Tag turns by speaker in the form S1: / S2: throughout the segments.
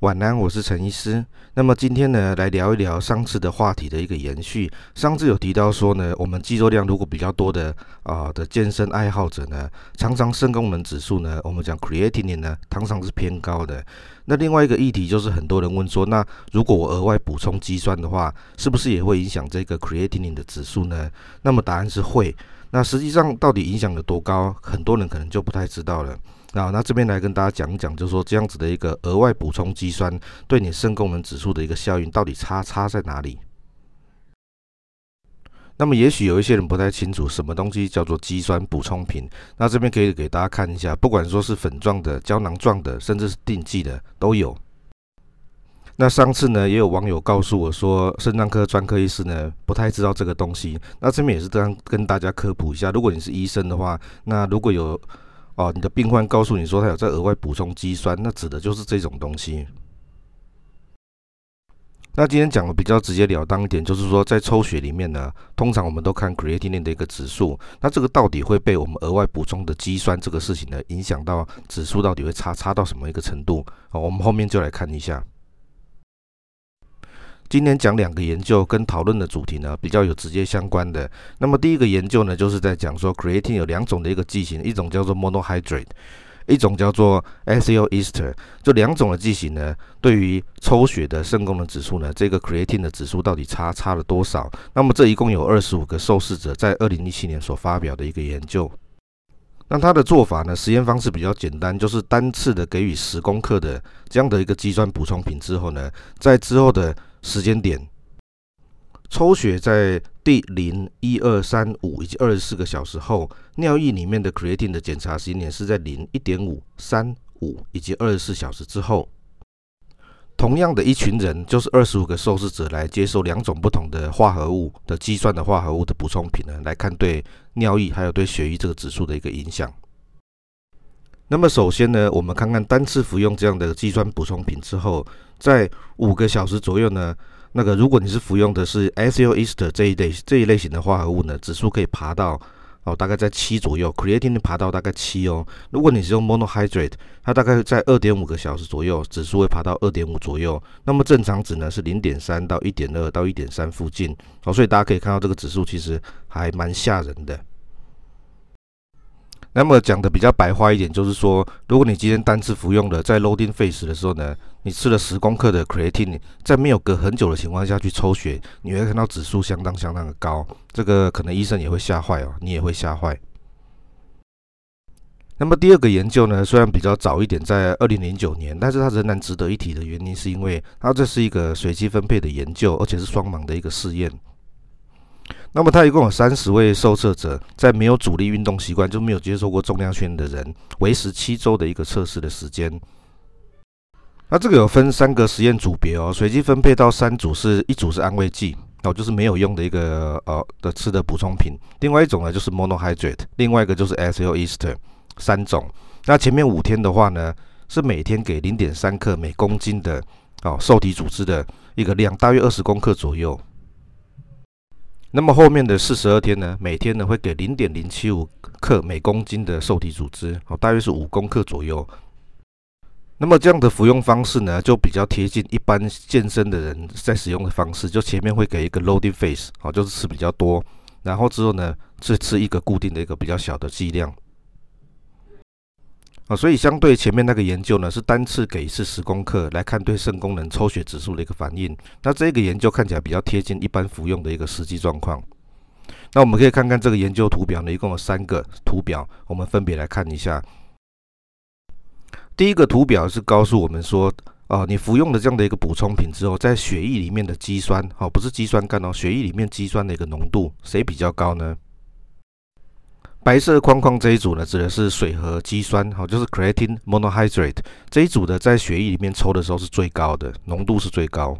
S1: 晚安，我是陳醫師。那麼今天呢，來聊一聊上次的話題的一個延續。上次有提到說呢，我們肌肉量如果比較多的啊、呃、的健身愛好者呢，常常腎功能指數呢，我們講 creatinine 呢，通常是偏高的。那另外一個議題就是很多人問說，那如果我額外補充肌酸的話，是不是也會影響這個 creatinine 的指數呢？那麼答案是會。那實際上到底影響有多高，很多人可能就不太知道了。好，那這邊來跟大家講一講，就是說這樣子的一個額外補充肌酸，對你腎功能指數的一個效應到底差差在哪裡？那麼也許有一些人不太清楚什麼東西叫做肌酸補充品。那這邊可以給大家看一下，不管說是粉狀的、膠囊狀的，甚至是錠劑的都有。那上次呢，也有網友告訴我說，腎臟科專科醫師呢，不太知道這個東西。那這邊也是這樣跟大家科普一下，如果你是醫生的話，那如果有。哦，你的病患告訴你說他有在額外補充肌酸，那指的就是這種東西。那今天講的比較直截了當一點，就是說在抽血裡面呢，通常我們都看 creatinine 的一個指數。那這個到底會被我們額外補充的肌酸這個事情呢，影響到指數到底會差差到什麼一個程度？哦，我們後面就來看一下。今天講兩個研究跟討論的主題呢，比較有直接相關的。那麼第一個研究呢，就是在講說 creatine 有兩種的一個劑型，一種叫做 monohydrate，一種叫做 acetyl ester，這兩種的劑型呢，對於抽血的腎功能指數呢，這個 creatine 的指數到底差差了多少？那麼這一共有二十五個受試者，在二零一七年所發表的一個研究。那他的做法呢，實驗方式比較簡單，就是單次的給予十公克的這樣的一個肌酸補充品之後呢，在之後的時間點，抽血在第零、一、二、三、五以及二十四個小時後，尿液裡面的 creatine 的檢查時間點是在零一點五、三五以及二十四小時之後。同樣的一群人，就是二十五個受試者來接受兩種不同的化合物的肌酸的化合物的補充品呢，來看對尿液還有對血液這個指數的一個影響。那麼首先呢，我們看看單次服用這樣的肌酸補充品之後，在五個小時左右呢，那個如果你是服用的是 s o e ester 這一類、這一類型的化合物呢，指數可以爬到哦，大概在七左右，creatine 爬到大概七哦。如果你是用 monohydrate，它大概在二點五個小時左右，指數會爬到二點五左右。那麼正常值呢是零點三到一點二到一點三附近哦，所以大家可以看到這個指數其實還蠻嚇人的。那麼講的比較白話一點，就是說，如果你今天單次服用的在 loading phase 的時候呢，你吃了十公克的 creatine，在沒有隔很久的情況下去抽血，你會看到指數相當相當的高。這個可能醫生也會嚇壞哦，你也會嚇壞。那麼第二個研究呢，雖然比較早一點，在二零零九年，但是它仍然值得一提的原因，是因為它這是一個隨機分配的研究，而且是雙盲的一個試驗。那麼它一共有三十位受測者，在沒有阻力運動習慣就沒有接受過重量訓練的人，維持七周的一個測試的時間。那這個有分三個實驗組別哦，隨機分配到三組是，是一組是安慰劑，哦就是沒有用的一個呃、哦、的吃的補充品；，另外一種呢就是 monohydrate，另外一個就是 ethyl ester，三種。那前面五天的話呢，是每天給零點三克每公斤的哦瘦體組織的一個量，大約二十公克左右。那麼後面的四十二天呢，每天呢會給零點零七五克每公斤的受體組織，哦，大約是五公克左右。那麼這樣的服用方式呢，就比較貼近一般健身的人在使用的方式。就前面會給一個 loading phase，哦，就是吃比較多，然後之後呢，再吃一個固定的一個比較小的劑量。啊、哦，所以相對前面那個研究呢，是單次給一次十公克來看對腎功能、抽血指數的一個反應。那這個研究看起來比較貼近一般服用的一個實際狀況。那我們可以看看這個研究圖表呢，一共有三個圖表，我們分別來看一下。第一個圖表是告訴我們說，啊、哦，你服用了這樣的一個補充品之後，在血液裡面的肌酸，哈、哦，不是肌酸酐哦，血液裡面肌酸的一個濃度誰比較高呢？白色框框這一組呢，指的是水和肌酸，好，就是 creatine monohydrate 這一組呢，在血液裡面抽的時候是最高的，濃度是最高。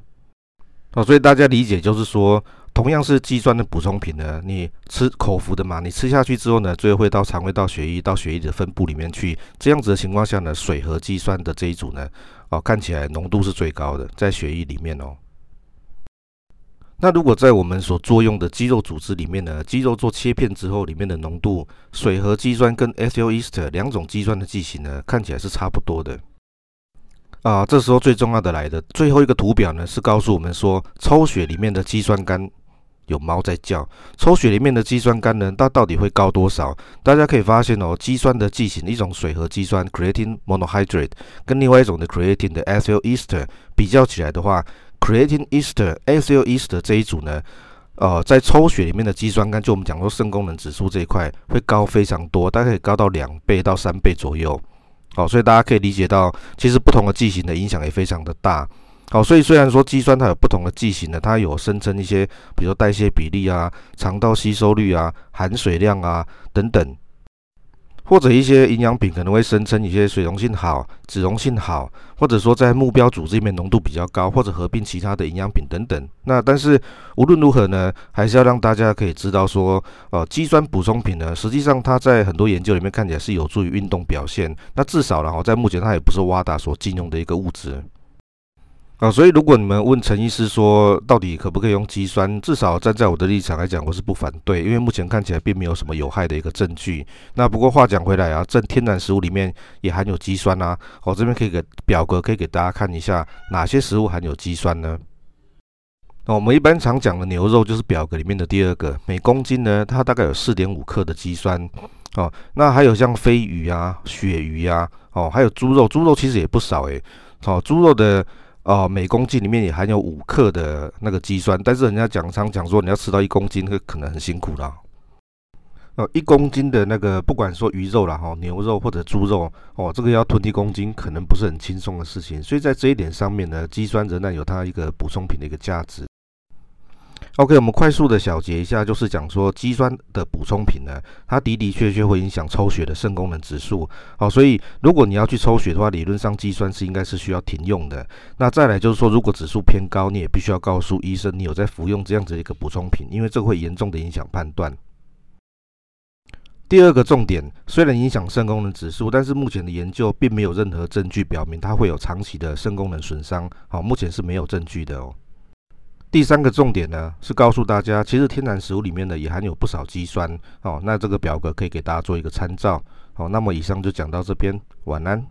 S1: 哦，所以大家理解就是說，同樣是肌酸的補充品呢，你吃口服的嘛，你吃下去之後呢，最後會到腸胃、到血液、到血液的分布裡面去。這樣子的情況下呢，水和肌酸的這一組呢，哦，看起來濃度是最高的，在血液裡面哦。那如果在我們所作用的肌肉組織裡面呢，肌肉做切片之後，裡面的濃度水合肌酸跟 ethyl ester 兩種肌酸的劑型呢，看起來是差不多的。啊，這時候最重要的來的最後一個圖表呢，是告訴我們說，抽血裡面的肌酸酐有貓在叫，抽血裡面的肌酸酐呢，它到底會高多少？大家可以發現哦，肌酸的劑型一種水合肌酸 creatine monohydrate，跟另外一種的 creatine 的 ethyl ester 比較起來的話。Creating Easter, ACEO Easter 這一組呢，呃，在抽血裡面的肌酸酐，就我們講說腎功能指數這一塊，會高非常多，大概可以高到兩倍到三倍左右。好，哦，所以大家可以理解到，其實不同的劑型的影響也非常的大。好，哦，所以雖然說肌酸它有不同的劑型呢，它有聲稱一些，比如說代謝比例啊、腸道吸收率啊、含水量啊等等。或者一些營養品可能會聲稱一些水溶性好、脂溶性好，或者說在目標組織裡面濃度比較高，或者合併其他的營養品等等。那但是無論如何呢，還是要讓大家可以知道說，呃，肌酸補充品呢，實際上它在很多研究裡面看起來是有助於運動表現。那至少然後在目前它也不是 WADA 所禁用的一個物質。啊、哦，所以如果你們問陳醫師說，到底可不可以用肌酸？至少站在我的立場來講，我是不反對，因為目前看起來並沒有什麼有害的一個證據。那不過話講回來啊，在天然食物裡面也含有肌酸吶、啊。我、哦、這邊可以給表格，可以給大家看一下哪些食物含有肌酸呢？哦，我們一般常講的牛肉就是表格裡面的第二個，每公斤呢它大概有四點五克的肌酸。哦，那還有像鯡魚啊、鱈魚啊，哦，還有豬肉，豬肉其實也不少誒。哦，豬肉的。哦，每公斤裡面也含有五克的那個肌酸，但是人家講常講說，你要吃到一公斤，那可能很辛苦啦。哦，一公斤的那個不管說魚肉啦、哈牛肉或者豬肉哦，這個要吞一公斤，可能不是很輕鬆的事情。所以在這一點上面呢，肌酸仍然有它一個補充品的一個價值。OK，我們快速的小結一下，就是講說，肌酸的補充品呢，它的的確確會影響抽血的腎功能指數。好，所以如果你要去抽血的話，理論上肌酸是應該是需要停用的。那再來就是說，如果指數偏高，你也必須要告訴醫生你有在服用這樣子一個補充品，因為這會嚴重的影響判斷。第二個重點，雖然影響腎功能指數，但是目前的研究並沒有任何證據表明它會有長期的腎功能損傷。好，目前是沒有證據的哦。第三個重點呢，是告訴大家，其實天然食物裡面呢也含有不少肌酸哦。那這個表格可以給大家做一個參照哦。那麼以上就講到這邊，晚安。